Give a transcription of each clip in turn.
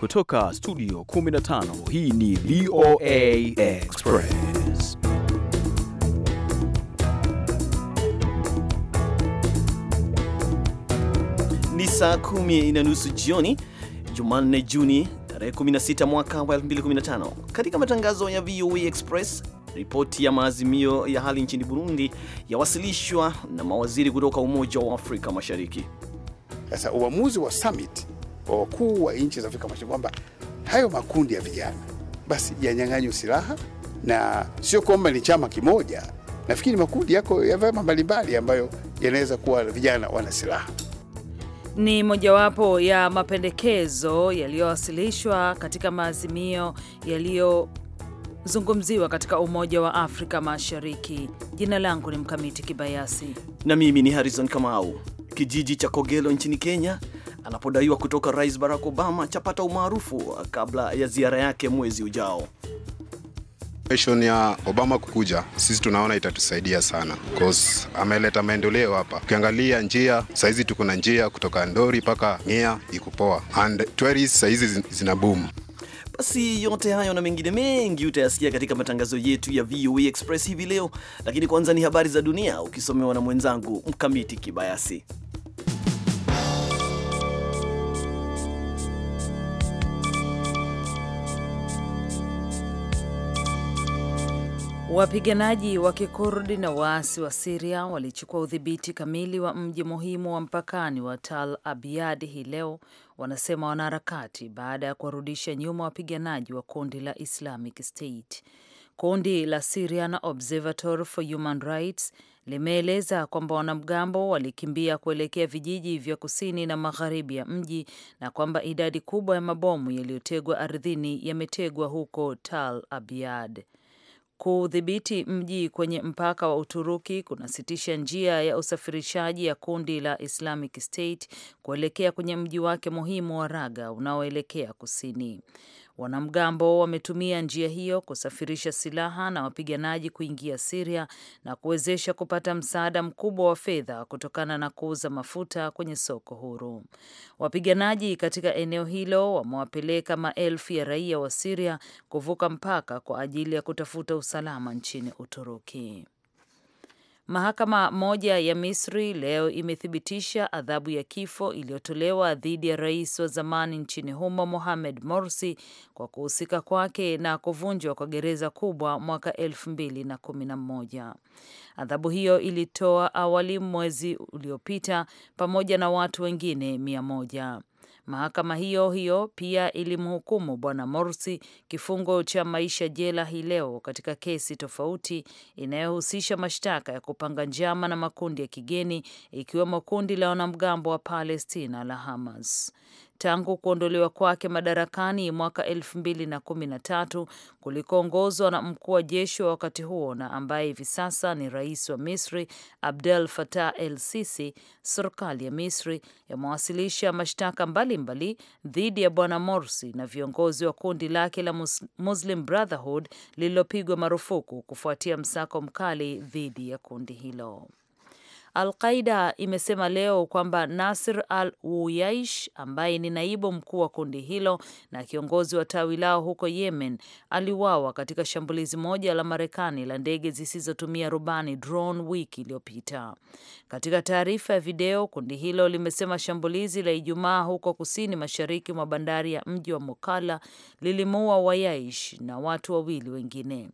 Kutoka studio 15 hii ni VOA Express. Ni saa kumi na nusu jioni Jumanne, Juni tarehe 16 mwaka wa 2015. Katika matangazo ya VOA Express, ripoti ya maazimio ya hali nchini Burundi yawasilishwa na mawaziri kutoka Umoja wa Afrika Mashariki. Sasa uamuzi wa summit wakuu wa nchi za Afrika Mashariki kwamba hayo makundi ya vijana basi yanyang'anywe silaha, na sio kwamba ni chama kimoja. Nafikiri makundi yako ya vyama mbalimbali ambayo yanaweza kuwa vijana wana silaha ni mojawapo ya mapendekezo yaliyowasilishwa katika maazimio yaliyozungumziwa katika Umoja wa Afrika Mashariki. Jina langu ni Mkamiti Kibayasi na mimi ni Harrison Kamau. Kijiji cha Kogelo nchini Kenya anapodaiwa kutoka Rais Barack Obama chapata umaarufu kabla ya ziara yake mwezi ujao. Mission ya Obama kukuja, sisi tunaona itatusaidia sana cause ameleta maendeleo hapa. Ukiangalia njia sahizi tuko na njia kutoka Ndori mpaka Ngea ikupoa and tourist sahizi zina boom. Basi yote hayo na mengine mengi utayasikia katika matangazo yetu ya VOA Express hivi leo, lakini kwanza ni habari za dunia ukisomewa na mwenzangu Mkamiti Kibayasi. Wapiganaji wa Kikurdi na waasi wa Siria walichukua udhibiti kamili wa mji muhimu wa mpakani wa Tal Abyad hii leo, wanasema wanaharakati, baada ya kuwarudisha nyuma wapiganaji wa kundi la Islamic State. Kundi la Syrian Observatory for Human Rights limeeleza kwamba wanamgambo walikimbia kuelekea vijiji vya kusini na magharibi ya mji na kwamba idadi kubwa ya mabomu yaliyotegwa ardhini yametegwa huko Tal Abyad. Kudhibiti mji kwenye mpaka wa Uturuki kunasitisha njia ya usafirishaji ya kundi la Islamic State kuelekea kwenye mji wake muhimu wa Raga unaoelekea kusini. Wanamgambo wametumia njia hiyo kusafirisha silaha na wapiganaji kuingia Siria na kuwezesha kupata msaada mkubwa wa fedha kutokana na kuuza mafuta kwenye soko huru. Wapiganaji katika eneo hilo wamewapeleka maelfu ya raia wa Siria kuvuka mpaka kwa ajili ya kutafuta usalama nchini Uturuki. Mahakama moja ya Misri leo imethibitisha adhabu ya kifo iliyotolewa dhidi ya rais wa zamani nchini humo Mohamed Morsi kwa kuhusika kwake na kuvunjwa kwa gereza kubwa mwaka elfu mbili na kumi na moja. Adhabu hiyo ilitoa awali mwezi uliopita pamoja na watu wengine mia moja. Mahakama hiyo hiyo pia ilimhukumu Bwana Morsi kifungo cha maisha jela hii leo katika kesi tofauti inayohusisha mashtaka ya kupanga njama na makundi ya kigeni ikiwemo kundi la wanamgambo wa Palestina la Hamas tangu kuondolewa kwake madarakani mwaka tatu kulikoongozwa na mkuu wa jeshi wa wakati huo na ambaye hivi sasa ni rais wa Misri Abdel Fattah El Sisi. Serikali ya Misri yamewasilisha mashtaka mbalimbali dhidi ya bwana Morsi na viongozi wa kundi lake la Muslim Brotherhood lililopigwa marufuku kufuatia msako mkali dhidi ya kundi hilo. Al-Qaida imesema leo kwamba Nasir al wuyaish ambaye ni naibu mkuu wa kundi hilo na kiongozi wa tawi lao huko Yemen aliwawa katika shambulizi moja la Marekani la ndege zisizotumia rubani drone wiki iliyopita. Katika taarifa ya video, kundi hilo limesema shambulizi la Ijumaa huko kusini mashariki mwa bandari ya mji wa Mokala lilimuua Wayaish na watu wawili wengine.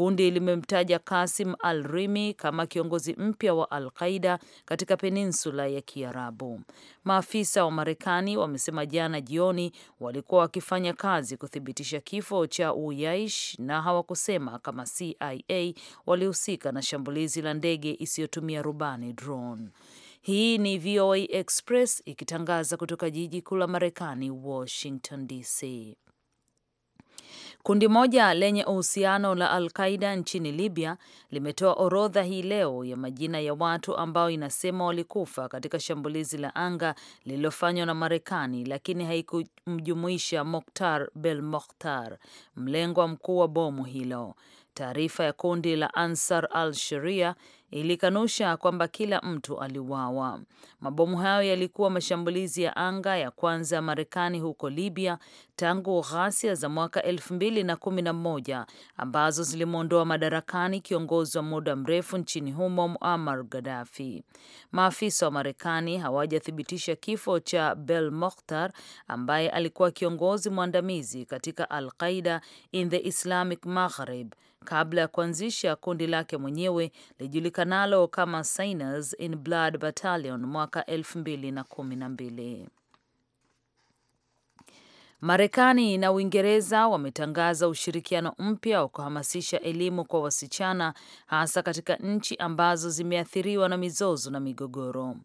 Kundi limemtaja Kasim Al Rimi kama kiongozi mpya wa Al Qaida katika peninsula ya Kiarabu. Maafisa wa Marekani wamesema jana jioni walikuwa wakifanya kazi kuthibitisha kifo cha Uyaish na hawakusema kama CIA walihusika na shambulizi la ndege isiyotumia rubani drone. Hii ni VOA Express ikitangaza kutoka jiji kuu la Marekani, Washington DC. Kundi moja lenye uhusiano la Al Qaida nchini Libya limetoa orodha hii leo ya majina ya watu ambao inasema walikufa katika shambulizi la anga lililofanywa na Marekani, lakini haikumjumuisha Moktar Bel Mokhtar, mlengwa mkuu wa bomu hilo. Taarifa ya kundi la Ansar al Sharia ilikanusha kwamba kila mtu aliuawa. Mabomu hayo yalikuwa mashambulizi ya anga ya kwanza ya Marekani huko Libya tangu ghasia za mwaka elfu mbili na kumi na moja ambazo zilimwondoa madarakani kiongozi wa muda mrefu nchini humo Muammar Gaddafi. Maafisa wa Marekani hawajathibitisha kifo cha Bel Mokhtar ambaye alikuwa kiongozi mwandamizi katika Al Qaida in the Islamic Maghrib kabla ya kuanzisha kundi lake mwenyewe lijulikana lijulikanalo kama Sinners in Blood Battalion mwaka 2012. Marekani na Uingereza wametangaza ushirikiano mpya wa kuhamasisha elimu kwa wasichana hasa katika nchi ambazo zimeathiriwa na mizozo na migogoro.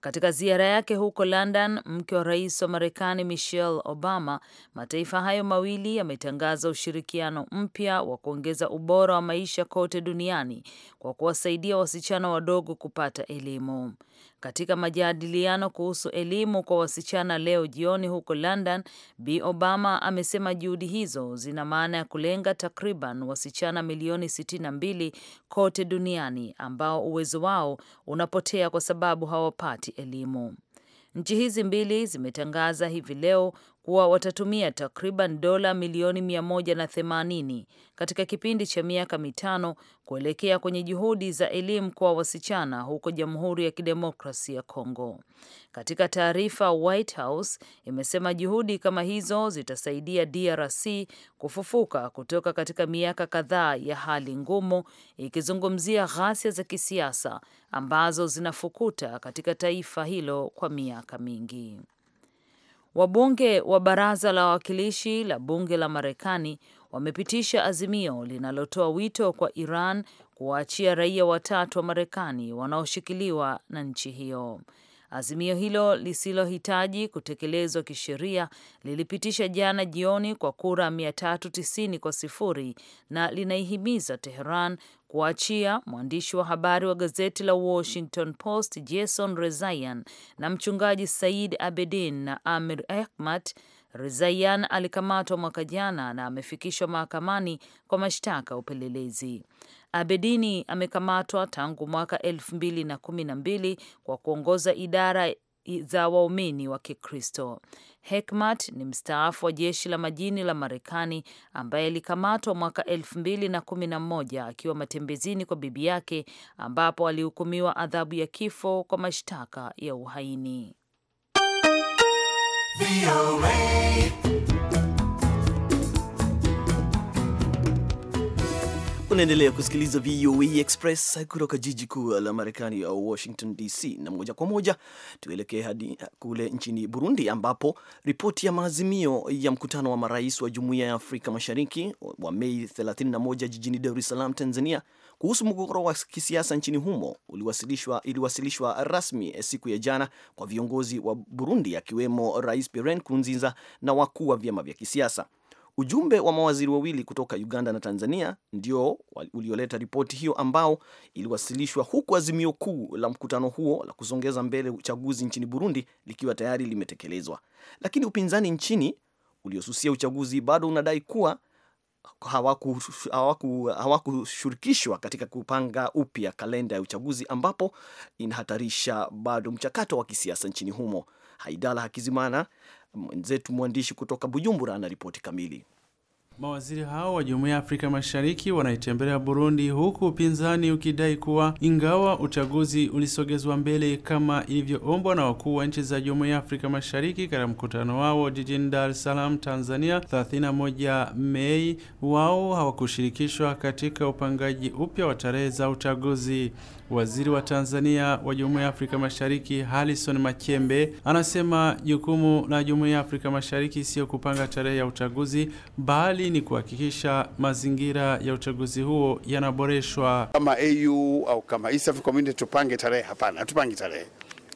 Katika ziara yake huko London, mke wa rais wa Marekani Michelle Obama, mataifa hayo mawili yametangaza ushirikiano mpya wa kuongeza ubora wa maisha kote duniani kwa kuwasaidia wasichana wadogo kupata elimu. Katika majadiliano kuhusu elimu kwa wasichana leo jioni huko London, Bi Obama amesema juhudi hizo zina maana ya kulenga takriban wasichana milioni 62 kote duniani ambao uwezo wao unapotea kwa sababu hawapati elimu. Nchi hizi mbili zimetangaza hivi leo kuwa watatumia takriban dola milioni 180 katika kipindi cha miaka mitano kuelekea kwenye juhudi za elimu kwa wasichana huko Jamhuri ya Kidemokrasi ya Kongo. Katika taarifa, White House imesema juhudi kama hizo zitasaidia DRC kufufuka kutoka katika miaka kadhaa ya hali ngumu, ikizungumzia ghasia za kisiasa ambazo zinafukuta katika taifa hilo kwa miaka mingi. Wabunge wa baraza la wawakilishi la bunge la Marekani wamepitisha azimio linalotoa wito kwa Iran kuwaachia raia watatu wa Marekani wanaoshikiliwa na nchi hiyo. Azimio hilo lisilohitaji kutekelezwa kisheria lilipitisha jana jioni kwa kura 390 kwa sifuri na linaihimiza Teheran kuachia mwandishi wa habari wa gazeti la Washington Post Jason Rezaian na mchungaji Said Abedin na Amir Ehmat. Rezaian alikamatwa mwaka jana na amefikishwa mahakamani kwa mashtaka ya upelelezi. Abedini amekamatwa tangu mwaka elfu mbili na kumi na mbili kwa kuongoza idara za waumini wa Kikristo. Hekmat ni mstaafu wa jeshi la majini la Marekani ambaye alikamatwa mwaka elfu mbili na kumi na moja akiwa matembezini kwa bibi yake ambapo alihukumiwa adhabu ya kifo kwa mashtaka ya uhaini. Unaendelea kusikiliza VOA Express kutoka jiji kuu la Marekani ya uh, Washington DC, na moja kwa moja tuelekee hadi uh, kule nchini Burundi, ambapo ripoti ya maazimio ya mkutano wa marais wa Jumuiya ya Afrika Mashariki wa Mei 31 jijini Dar es Salaam, Tanzania, kuhusu mgogoro wa kisiasa nchini humo uliwasilishwa, iliwasilishwa rasmi eh, siku ya jana kwa viongozi wa Burundi, akiwemo Rais Pierre Nkurunziza na wakuu wa vyama vya kisiasa. Ujumbe wa mawaziri wawili kutoka Uganda na Tanzania ndio ulioleta ripoti hiyo ambao iliwasilishwa huku azimio kuu la mkutano huo la kusongeza mbele uchaguzi nchini Burundi likiwa tayari limetekelezwa. Lakini upinzani nchini uliosusia uchaguzi bado unadai kuwa hawakushirikishwa hawaku katika kupanga upya kalenda ya uchaguzi ambapo inahatarisha bado mchakato wa kisiasa nchini humo. Haidala Hakizimana Mwenzetu mwandishi kutoka Bujumbura ripoti kamili. Mawaziri hao wa Jumuiya ya Afrika Mashariki wanaitembelea Burundi huku upinzani ukidai kuwa ingawa uchaguzi ulisogezwa mbele kama ilivyoombwa na wakuu wa nchi za Jumuiya ya Afrika Mashariki katika mkutano wao jijini Dar es Salaam, Tanzania 31 Mei, wao hawakushirikishwa katika upangaji upya wa tarehe za uchaguzi. Waziri wa Tanzania wa Jumuiya ya Afrika Mashariki Harrison Machembe anasema jukumu la Jumuiya ya Afrika Mashariki sio kupanga tarehe ya uchaguzi, bali ni kuhakikisha mazingira ya uchaguzi huo yanaboreshwa. Kama AU au kama East African Community tupange tarehe? Hapana, hatupangi tarehe.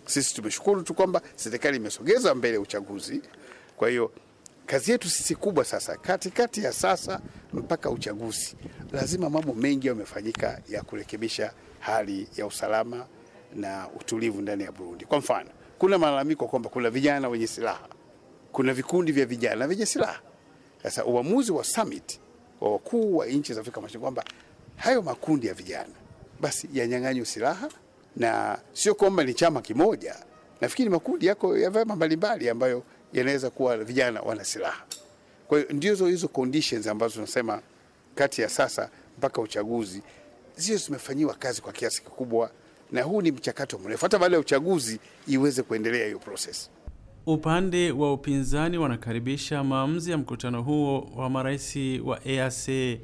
Sisi tumeshukuru tu kwamba serikali imesogeza mbele ya uchaguzi. Kwa hiyo kazi yetu sisi kubwa sasa, katikati kati ya sasa mpaka uchaguzi, lazima mambo mengi yamefanyika ya kurekebisha hali ya usalama na utulivu ndani ya Burundi. Kwa mfano, kuna malalamiko kwamba kuna vijana wenye silaha, kuna vikundi vya vijana vyenye silaha. Sasa uamuzi wa summit wa wakuu wa nchi za Afrika Mashariki kwamba hayo makundi ya vijana basi yanyang'anywe silaha, na sio kwamba ni chama kimoja. Nafikiri makundi yako ya vyama mbalimbali ambayo yanaweza kuwa vijana wana silaha. Kwa hiyo ndizo hizo conditions ambazo tunasema kati ya sasa mpaka uchaguzi zile zimefanyiwa kazi kwa kiasi kikubwa, na huu ni mchakato mrefu, hata baada ya uchaguzi iweze kuendelea hiyo proses. Upande wa upinzani wanakaribisha maamuzi ya mkutano huo wa marais wa EAC.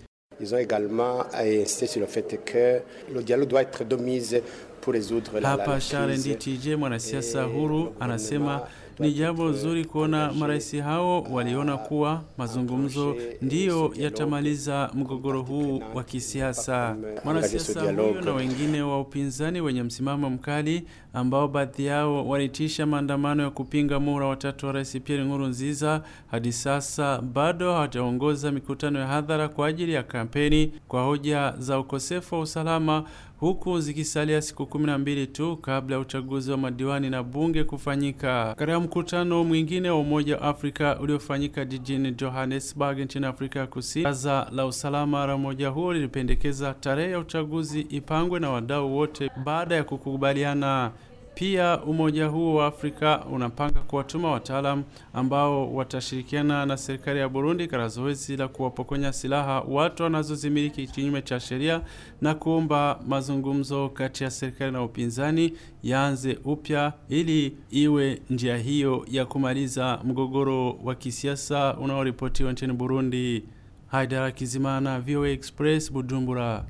Hapa euh, Charles Nditije, mwanasiasa huru, anasema ni jambo zuri kuona marais hao waliona kuwa mazungumzo ndiyo yatamaliza mgogoro huu wa kisiasa. Mwanasiasa huyo na wengine wa upinzani wenye msimamo mkali ambao baadhi yao walitisha maandamano ya kupinga muhula watatu wa Rais Pierre Nkurunziza hadi sasa bado hawajaongoza mikutano ya hadhara kwa ajili ya kampeni kwa hoja za ukosefu wa usalama huku zikisalia siku kumi na mbili tu kabla ya uchaguzi wa madiwani na bunge kufanyika. Katika mkutano mwingine wa Umoja wa Afrika uliofanyika jijini Johannesburg nchini Afrika ya Kusini, baraza la usalama la umoja huo lilipendekeza tarehe ya uchaguzi ipangwe na wadau wote baada ya kukubaliana pia umoja huo wa Afrika unapanga kuwatuma wataalam ambao watashirikiana na serikali ya Burundi katika zoezi la kuwapokonya silaha watu wanazozimiliki kinyume cha sheria na kuomba mazungumzo kati ya serikali na upinzani yaanze upya ili iwe njia hiyo ya kumaliza mgogoro wa kisiasa unaoripotiwa nchini Burundi. Haidara Kizimana, VOA Express, Bujumbura.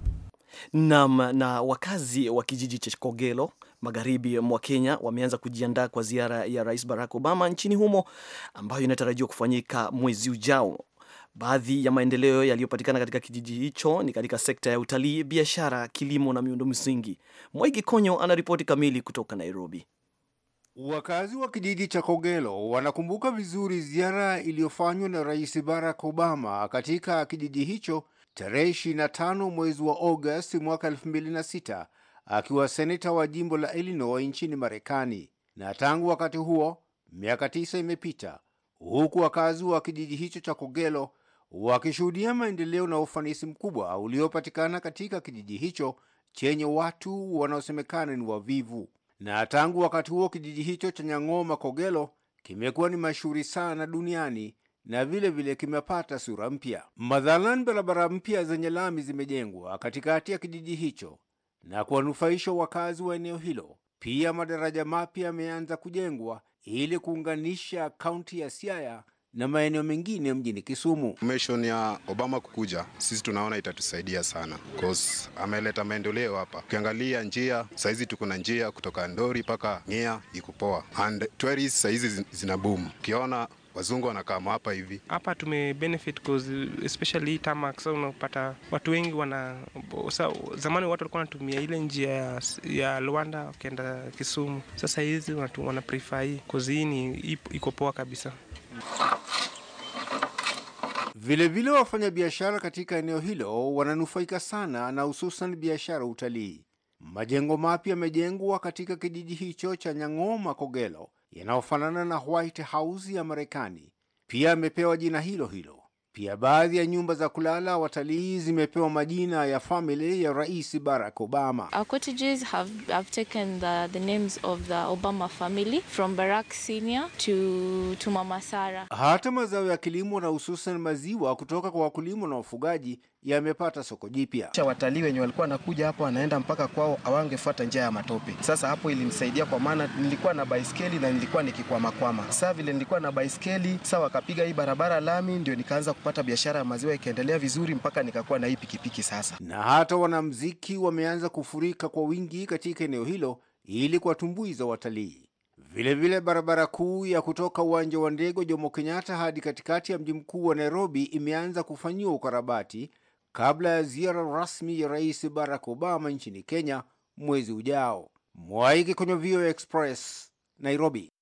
nam na wakazi wa kijiji cha Kogelo magharibi mwa Kenya wameanza kujiandaa kwa ziara ya Rais Barack Obama nchini humo ambayo inatarajiwa kufanyika mwezi ujao. Baadhi ya maendeleo yaliyopatikana katika kijiji hicho ni katika sekta ya utalii, biashara, kilimo na miundo msingi. Mwaigi Konyo ana ripoti kamili kutoka Nairobi. Wakazi wa kijiji cha Kogelo wanakumbuka vizuri ziara iliyofanywa na Rais Barack Obama katika kijiji hicho tarehe 25 mwezi wa Agosti mwaka akiwa seneta wa jimbo la Illinois nchini Marekani, na tangu wakati huo miaka tisa imepita huku wakazi wa kijiji hicho cha Kogelo wakishuhudia maendeleo na ufanisi mkubwa uliopatikana katika kijiji hicho chenye watu wanaosemekana ni wavivu. Na tangu wakati huo kijiji hicho cha Nyang'oma Kogelo kimekuwa ni mashuhuri sana duniani na vile vile kimepata sura mpya. Madhalan, barabara mpya zenye lami zimejengwa katikati ya kijiji hicho na kuwanufaisha wakazi wa eneo hilo. Pia madaraja mapya yameanza kujengwa ili kuunganisha kaunti ya Siaya na maeneo mengine mjini Kisumu. Mission ya Obama kukuja, sisi tunaona itatusaidia sana ameleta maendeleo hapa. Ukiangalia njia sahizi tuko na njia kutoka Ndori mpaka ngia iko poa and tourist zina boom. Ukiona wazungu wanakaa hapa hivi. Hapa tume benefit cause especially tarmac, sasa unapata watu wengi wana sa, zamani watu walikuwa wanatumia ile njia ya, ya Luanda wakienda Kisumu. Sasa hizi watu wana prefer hii cause hii ni iko poa kabisa. Vilevile biashara katika eneo hilo wananufaika sana na hususan biashara utalii. Majengo mapya yamejengwa katika kijiji hicho cha Nyang'oma Kogelo yanayofanana na White House ya Marekani pia amepewa jina hilo hilo. Pia baadhi ya nyumba za kulala watalii zimepewa majina ya famili ya Rais Barack Obama. Our cottages have, have taken the, the names of the Obama family from Barack senior to, to Mama Sarah. Hata mazao ya kilimo na hususan maziwa kutoka kwa wakulima na wafugaji yamepata soko jipya. Watalii wenye walikuwa nakuja hapo wanaenda mpaka kwao, awangefuata njia ya matope. Sasa hapo ilinisaidia kwa maana nilikuwa na baiskeli na nilikuwa nikikwamakwama. Saa vile nilikuwa na baiskeli, saa wakapiga hii barabara lami, ndio nikaanza kupata biashara ya maziwa ikaendelea vizuri mpaka nikakuwa na hii pikipiki sasa. Na hata wanamziki wameanza kufurika kwa wingi katika eneo hilo ili kuwatumbuiza watalii. Vilevile, barabara kuu ya kutoka uwanja wa ndege Jomo Kenyatta hadi katikati ya mji mkuu wa Nairobi imeanza kufanyiwa ukarabati kabla ya ziara rasmi ya Rais Barack Obama nchini Kenya mwezi ujao. Mwaiki kwenye VOA Express Nairobi.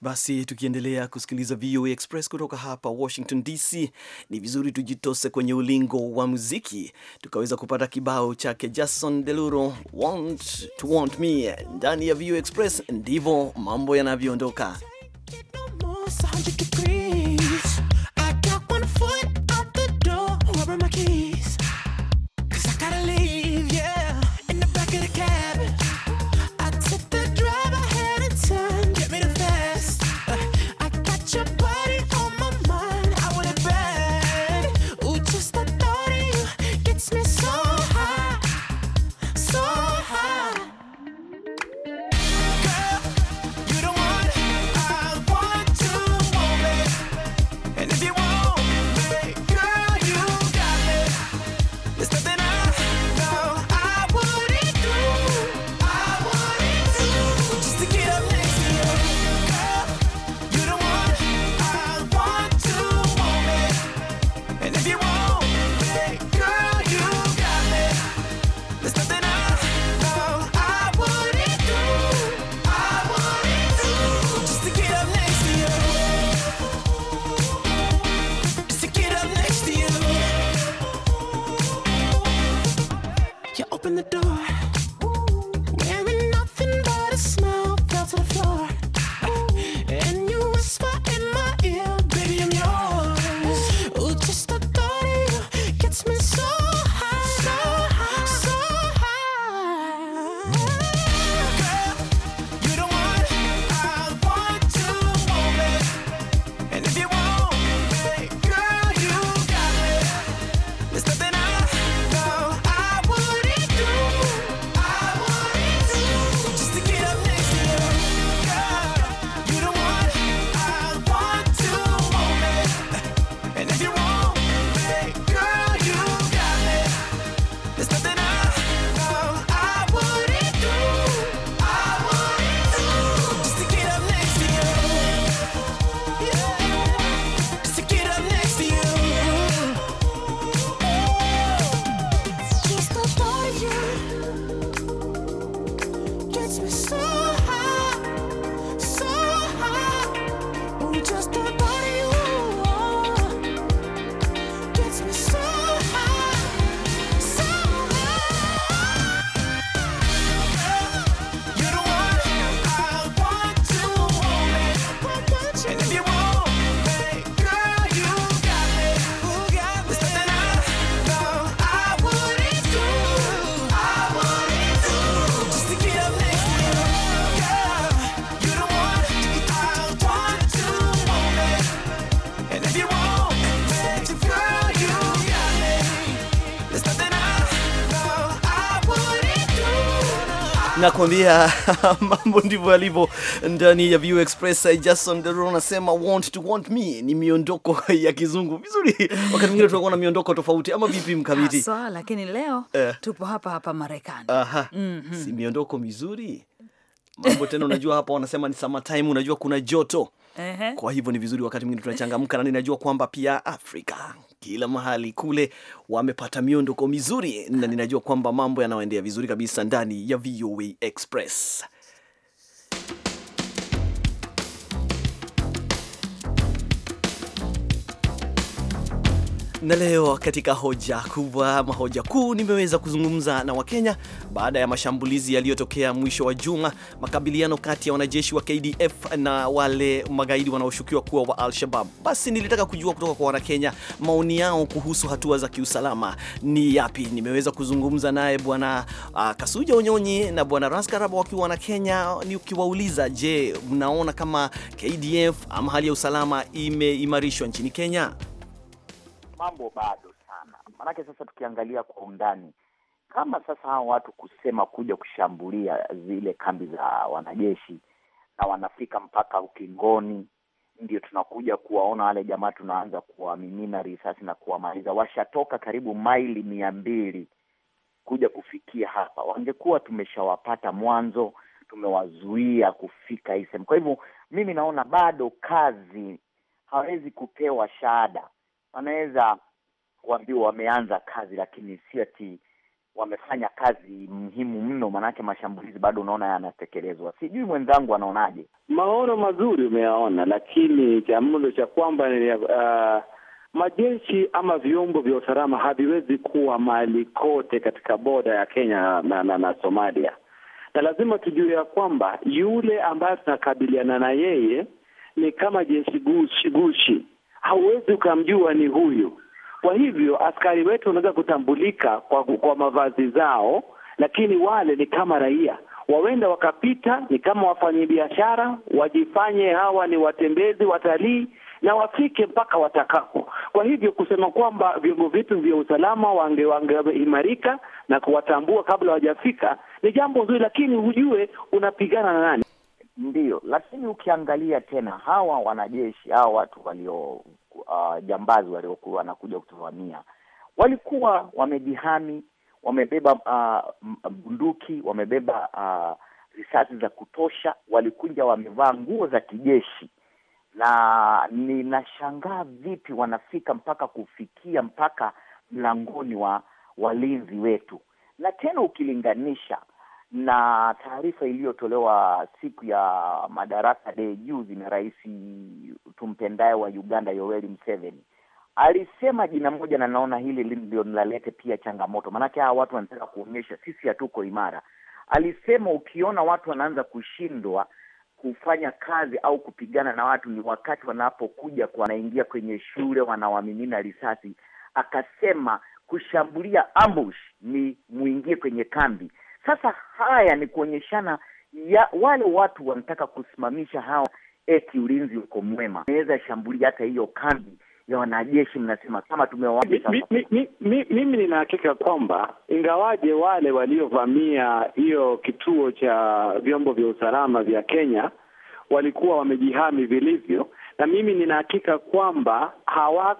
Basi tukiendelea kusikiliza VOA Express kutoka hapa Washington DC, ni vizuri tujitose kwenye ulingo wa muziki tukaweza kupata kibao chake Jason Deluro, want to want me. Ndani ya VOA Express ndivyo mambo yanavyoondoka. your body. nakwambia mambo ndivyo yalivyo ndani ya View Express. Jason Derulo anasema want to want me, ni miondoko ya kizungu vizuri. Wakati mwingine tunakuwa na miondoko tofauti, ama vipi mkabiti? Sawa, lakini leo eh, tupo hapa hapa Marekani. Aha, mm -hmm. si miondoko mizuri mambo tena. Unajua hapa wanasema ni summer time, unajua kuna joto, Uh-huh. kwa hivyo ni vizuri wakati mwingine tunachangamka, na ninajua kwamba pia Afrika kila mahali kule wamepata miondoko mizuri, na ninajua kwamba mambo yanaoendea vizuri kabisa ndani ya VOA Express. Na leo katika hoja kubwa ama hoja kuu nimeweza kuzungumza na Wakenya baada ya mashambulizi yaliyotokea mwisho wa juma, makabiliano kati ya wanajeshi wa KDF na wale magaidi wanaoshukiwa kuwa wa Al-Shabab. Basi nilitaka kujua kutoka kwa Wanakenya maoni yao kuhusu hatua za kiusalama ni yapi. Nimeweza kuzungumza naye Bwana uh, Kasuja Onyonyi na Bwana Raskaraba wakiwa Wanakenya, nikiwauliza je, mnaona kama KDF ama hali ya usalama imeimarishwa nchini Kenya? mambo bado sana, maanake sasa tukiangalia kwa undani kama sasa hawa watu kusema kuja kushambulia zile kambi za wanajeshi na wanafika mpaka ukingoni, ndio tunakuja kuwaona wale jamaa, tunaanza kuwamimina risasi na kuwamaliza. Washatoka karibu maili mia mbili kuja kufikia hapa, wangekuwa tumeshawapata mwanzo, tumewazuia kufika hii sehemu. Kwa hivyo mimi naona bado kazi, hawezi kupewa shahada wanaweza kuambiwa wameanza kazi, lakini si ati wamefanya kazi muhimu mno, maanake mashambulizi bado unaona yanatekelezwa. Sijui mwenzangu anaonaje? Maono mazuri umeyaona, lakini chamlo cha kwamba uh, majeshi ama vyombo vya usalama haviwezi kuwa mali kote katika boda ya Kenya na, na, na Somalia, na lazima tujue ya kwamba yule ambaye tunakabiliana na yeye ni kama jeshi gushi gushi hauwezi ukamjua ni huyu. Kwa hivyo askari wetu wanaweza kutambulika kwa, kwa mavazi zao, lakini wale ni kama raia wawenda wakapita, ni kama wafanyibiashara wajifanye hawa ni watembezi, watalii na wafike mpaka watakapo Kwa hivyo kusema kwamba vyombo vyetu vya usalama wangeimarika na kuwatambua kabla hawajafika ni jambo nzuri lakini hujue unapigana na nani. Ndiyo, lakini ukiangalia tena hawa wanajeshi hawa watu walio uh, jambazi waliokuwa wanakuja kutuvamia walikuwa wamejihami, wamebeba uh, bunduki, wamebeba uh, risasi za kutosha, walikuja wamevaa nguo za kijeshi, na ninashangaa vipi wanafika mpaka kufikia mpaka mlangoni wa walinzi wetu, na tena ukilinganisha na taarifa iliyotolewa siku ya Madaraka de juzi na rais tumpendaye wa Uganda yoeli mseveni alisema jina moja, na naona hili ndio nilalete pia changamoto, maanake hawa watu wanataka kuonyesha sisi hatuko imara. Alisema ukiona watu wanaanza kushindwa kufanya kazi au kupigana na watu ni wakati wanapokuja wanaingia kwenye shule wanawamimina risasi. Akasema kushambulia ambush ni muingie kwenye kambi sasa haya ni kuonyeshana ya wale watu wanataka kusimamisha hawa, eti ulinzi uko mwema, naweza shambulia hata hiyo kambi ya wanajeshi. Mnasema kama tumewaje? Sasa mimi nina hakika kwamba ingawaje wale waliovamia hiyo kituo cha vyombo vya usalama vya Kenya walikuwa wamejihami vilivyo, na mimi nina hakika kwamba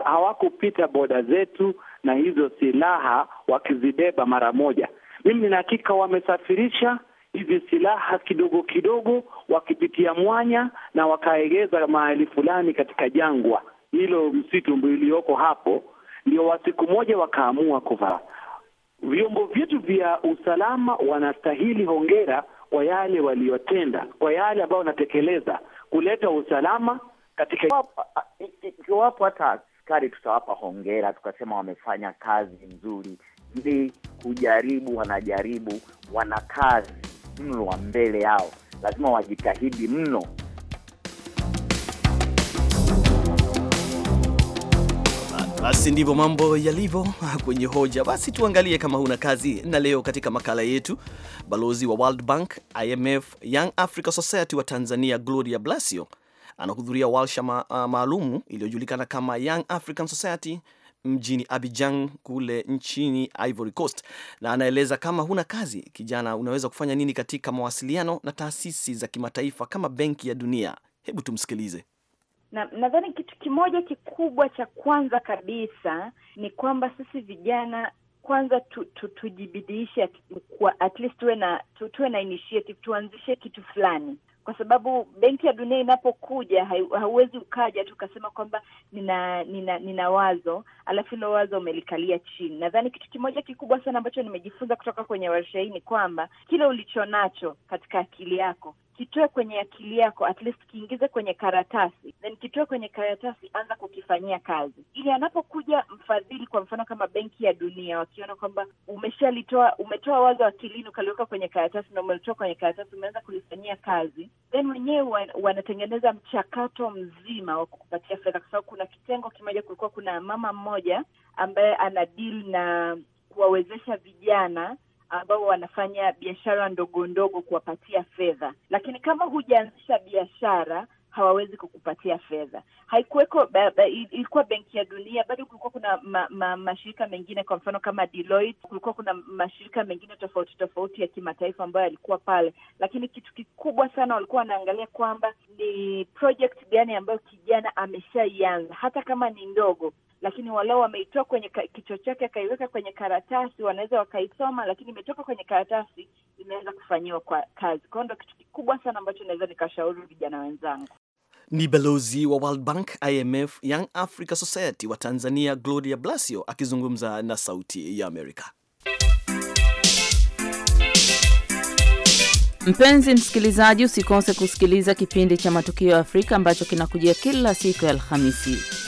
hawakupita hawa boda zetu na hizo silaha wakizibeba mara moja. Mimi nina hakika wamesafirisha hizi silaha kidogo kidogo, wakipitia mwanya na wakaegeza mahali fulani katika jangwa hilo, msitu iliyoko hapo, ndio wa siku moja wakaamua kuvaa. Vyombo vyetu vya usalama wanastahili hongera kwa yale waliyotenda, kwa yale ambayo wanatekeleza kuleta usalama katika. Ikiwapo hata askari tutawapa hongera, tukasema wamefanya kazi nzuri, ili kujaribu, wanajaribu, wana kazi mno wa mbele yao, lazima wajitahidi mno. Basi ndivyo mambo yalivyo kwenye hoja. Basi tuangalie kama huna kazi. Na leo katika makala yetu, balozi wa World Bank, IMF, Young Africa Society wa Tanzania, Gloria Blasio anahudhuria warsha ah, maalumu iliyojulikana kama Young African Society mjini Abidjan kule nchini Ivory Coast, na anaeleza kama huna kazi kijana, unaweza kufanya nini katika mawasiliano na taasisi za kimataifa kama Benki ya Dunia. Hebu tumsikilize. Na nadhani kitu kimoja kikubwa cha kwanza kabisa ni kwamba sisi vijana kwanza tu, tu, tujibidiishe, at least tuwe na tu, tuwe na initiative, tuanzishe kitu fulani kwa sababu Benki ya Dunia inapokuja hauwezi ukaja tu ukasema kwamba nina nina nina wazo alafu hilo wazo umelikalia chini. Nadhani kitu kimoja kikubwa sana ambacho nimejifunza kutoka kwenye warsha hii ni kwamba kile ulicho nacho katika akili yako kitoe kwenye akili yako, at least kiingize kwenye karatasi, then kitoe kwenye karatasi, anza kukifanyia kazi, ili anapokuja mfadhili, kwa mfano kama Benki ya Dunia, wakiona kwamba umeshalitoa, umetoa wazo akilini, ukaliweka kwenye karatasi na umelitoa kwenye karatasi, umeanza kulifanyia kazi, then wenyewe wanatengeneza mchakato mzima wa kukupatia fedha, kwa sababu kuna kitengo kimoja, kulikuwa kuna mama mmoja ambaye ana deal na kuwawezesha vijana ambao wanafanya biashara ndogo ndogo kuwapatia fedha, lakini kama hujaanzisha biashara hawawezi kukupatia fedha. Haikuweko, ilikuwa Benki ya Dunia, bado kulikuwa kuna ma, ma, mashirika mengine, kwa mfano kama Deloitte, kulikuwa kuna mashirika mengine tofauti tofauti ya kimataifa ambayo yalikuwa pale, lakini kitu kikubwa sana walikuwa wanaangalia kwamba ni project gani ambayo kijana ameshaianza, hata kama ni ndogo, lakini walau wameitoa kwenye kichwa chake akaiweka kwenye karatasi, wanaweza wakaisoma, lakini imetoka kwenye karatasi, inaweza kufanyiwa kwa kazi. kwao ndo kitu kikubwa sana ambacho naweza nikashauri vijana wenzangu. Ni balozi wa World Bank, IMF, Young Africa Society wa Tanzania, Gloria Blasio akizungumza na Sauti ya Amerika. Mpenzi msikilizaji, usikose kusikiliza kipindi cha Matukio ya Afrika ambacho kinakujia kila siku ya Alhamisi.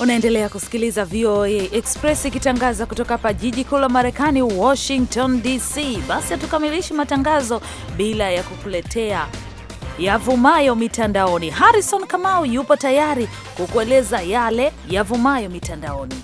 Unaendelea kusikiliza VOA Express ikitangaza kutoka hapa jiji kuu la Marekani, Washington DC. Basi hatukamilishe matangazo bila ya kukuletea yavumayo mitandaoni. Harrison Kamau yupo tayari kukueleza yale yavumayo mitandaoni.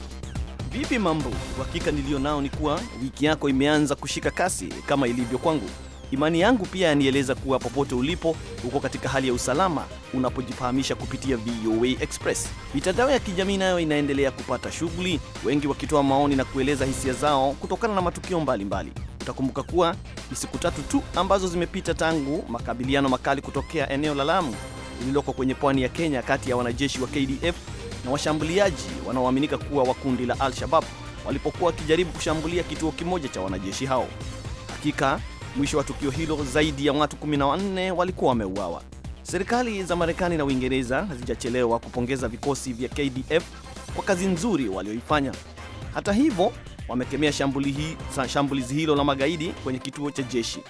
Vipi mambo? Uhakika nilio nao ni kuwa wiki yako imeanza kushika kasi kama ilivyo kwangu. Imani yangu pia yanieleza kuwa popote ulipo uko katika hali ya usalama unapojifahamisha kupitia VOA Express. Mitandao ya kijamii nayo inaendelea kupata shughuli, wengi wakitoa maoni na kueleza hisia zao kutokana na matukio mbalimbali Utakumbuka kuwa ni siku tatu tu ambazo zimepita tangu makabiliano makali kutokea eneo la Lamu lililoko kwenye pwani ya Kenya kati ya wanajeshi wa KDF na washambuliaji wanaoaminika kuwa wa kundi la Al-Shabab walipokuwa wakijaribu kushambulia kituo kimoja cha wanajeshi hao. Hakika Mwisho wa tukio hilo, zaidi ya watu 14 walikuwa wameuawa. Serikali za Marekani na Uingereza hazijachelewa kupongeza vikosi vya KDF kwa kazi nzuri walioifanya. Hata hivyo, wamekemea shambulizi hilo la magaidi kwenye kituo cha jeshi.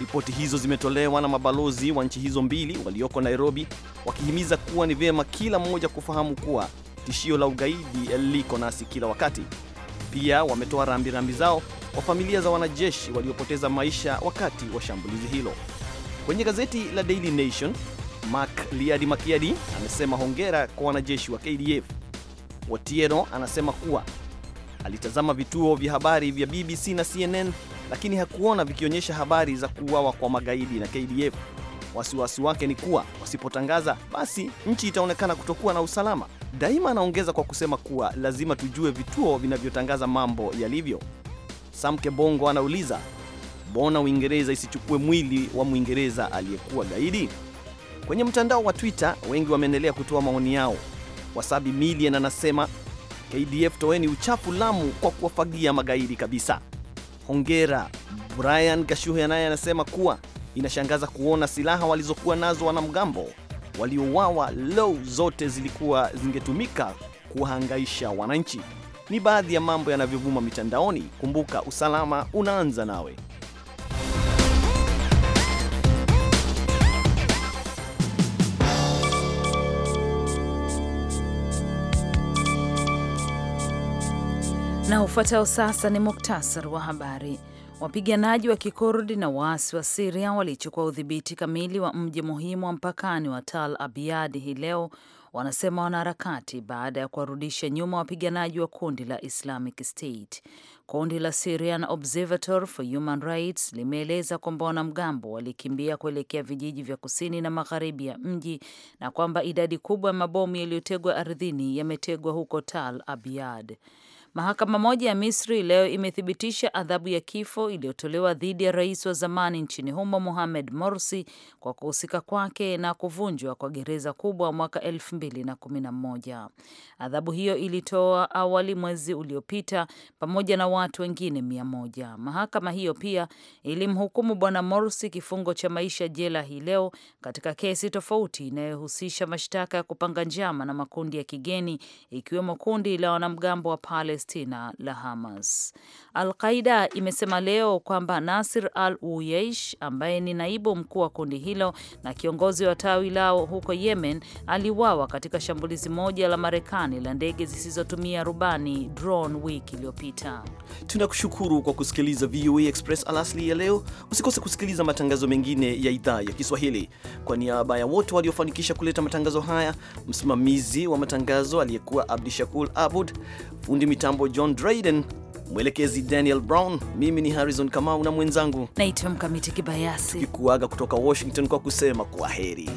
Ripoti hizo zimetolewa na mabalozi wa nchi hizo mbili walioko Nairobi, wakihimiza kuwa ni vyema kila mmoja kufahamu kuwa tishio la ugaidi liko nasi kila wakati. Pia wametoa rambirambi zao wa familia za wanajeshi waliopoteza maisha wakati wa shambulizi hilo. Kwenye gazeti la Daily Nation, Mark Liadi Makiadi amesema hongera kwa wanajeshi wa KDF. Watieno anasema kuwa alitazama vituo vya habari vya BBC na CNN lakini hakuona vikionyesha habari za kuuawa kwa magaidi na KDF. Wasiwasi wake ni kuwa wasipotangaza, basi nchi itaonekana kutokuwa na usalama. Daima anaongeza kwa kusema kuwa lazima tujue vituo vinavyotangaza mambo yalivyo. Samke Bongo anauliza mbona Uingereza isichukue mwili wa Mwingereza aliyekuwa gaidi? Kwenye mtandao wa Twitter wengi wameendelea kutoa maoni yao. Wasabi Million anasema KDF toeni uchafu Lamu kwa kuwafagia magaidi kabisa. Hongera. Brian Gashuhe naye anasema kuwa inashangaza kuona silaha walizokuwa nazo wanamgambo waliouawa low zote zilikuwa zingetumika kuwahangaisha wananchi. Ni baadhi ya mambo yanavyovuma mitandaoni. Kumbuka, usalama unaanza nawe. Na ufuatao sasa ni muktasar wa habari. Wapiganaji wa Kikurdi na waasi wa Siria walichukua udhibiti kamili wa mji muhimu wa mpakani wa Tal Abyad hii leo wanasema wanaharakati, baada ya kuwarudisha nyuma wapiganaji wa kundi la Islamic State. Kundi la Syrian Observatory for Human Rights limeeleza kwamba wanamgambo walikimbia kuelekea vijiji vya kusini na magharibi ya mji na kwamba idadi kubwa ya mabomu yaliyotegwa ardhini yametegwa huko Tal Abyad. Mahakama moja ya Misri leo imethibitisha adhabu ya kifo iliyotolewa dhidi ya rais wa zamani nchini humo Mohamed Morsi kwa kuhusika kwake na kuvunjwa kwa gereza kubwa mwaka elfu mbili na kumi na moja. Adhabu hiyo ilitoa awali mwezi uliopita pamoja na watu wengine mia moja. Mahakama hiyo pia ilimhukumu Bwana Morsi kifungo cha maisha jela hii leo katika kesi tofauti inayohusisha mashtaka ya kupanga njama na makundi ya kigeni ikiwemo kundi la wanamgambo wa Palestina Palestina la Hamas. Al Qaida imesema leo kwamba Nasir al Uyeish ambaye ni naibu mkuu wa kundi hilo na kiongozi wa tawi lao huko Yemen aliwawa katika shambulizi moja la Marekani la ndege zisizotumia rubani drone wiki iliyopita. Tunakushukuru kwa kusikiliza VOA Express alasli ya leo. Usikose kusikiliza matangazo mengine ya idhaa ya Kiswahili. Kwa niaba ya wote waliofanikisha kuleta matangazo haya, msimamizi wa matangazo aliyekuwa Abdishakur Abud, fundi mitambo mitambo John mwelekezi Daniel Brown, mimi ni Harrison Kamau na mwenzangu naitwa Mkamiti Kibayasi, tukikuaga kutoka Washington kwa kusema kwa heri.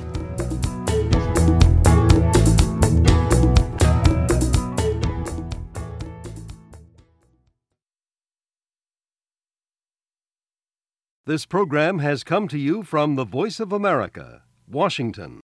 This program has come to you from the Voice of America, Washington.